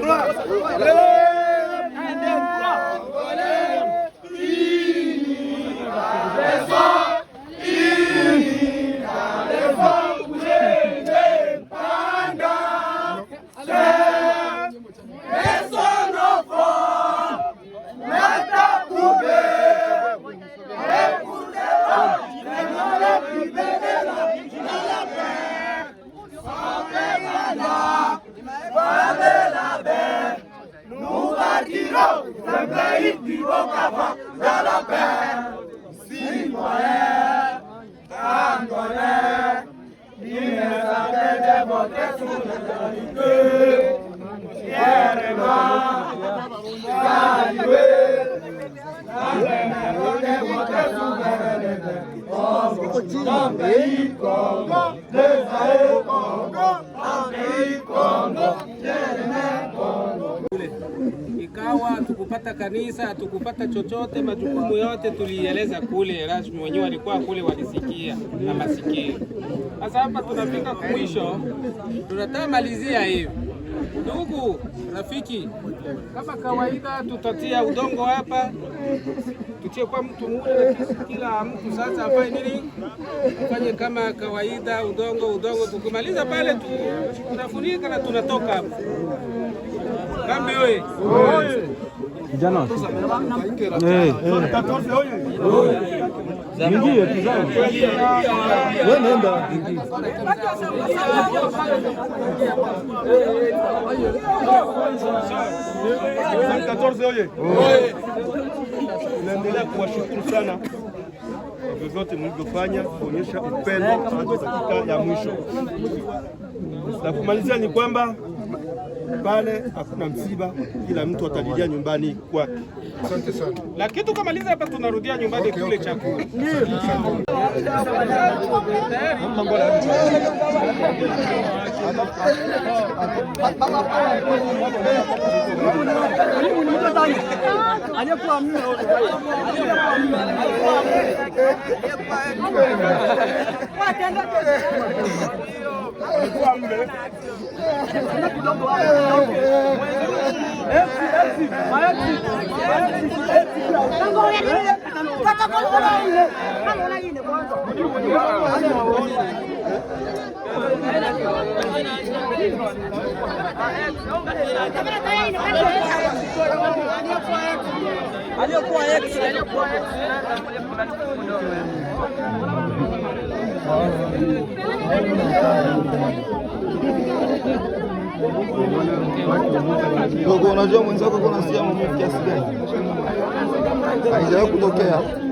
Let's bote soudanite yerema yaliwe yerema bote soudanite omo tombe ikongo. hatukupata kanisa, hatukupata chochote. Majukumu yote tulieleza kule rasmi, wenyewe walikuwa kule, walisikia na masikio. Sasa hapa tunafika mwisho, tunatamalizia hivi. Ndugu rafiki, kama kawaida, tutatia udongo hapa, tutie kwa mtu mmoja, kila mtu sasa afanye nini? Afanye kama kawaida, udongo udongo. Tukimaliza pale tu, tunafunika na tunatoka hapa kambi. Vijana eh, eh. ingie, wewe nenda naendelea kuwashukuru sana vyovyote mlivyofanya kuonyesha upendo katika ya mwisho. Na kumalizia ni kwamba pale hakuna msiba, kila mtu atalilia nyumbani kwake. Asante sana, na kitu kamaliza hapa, tunarudia nyumbani okay, kule okay, aliyokuwa aliyokuwa Dogo, unajua mwenzako kuna sikia maumivu kiasi gani? Haijawahi kutokea